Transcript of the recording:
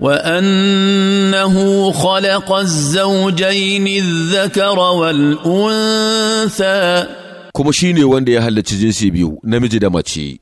وانه خلق الزوجين الذكر والانثى كما وندي هل تشجنسي بيو نمجد ماتشي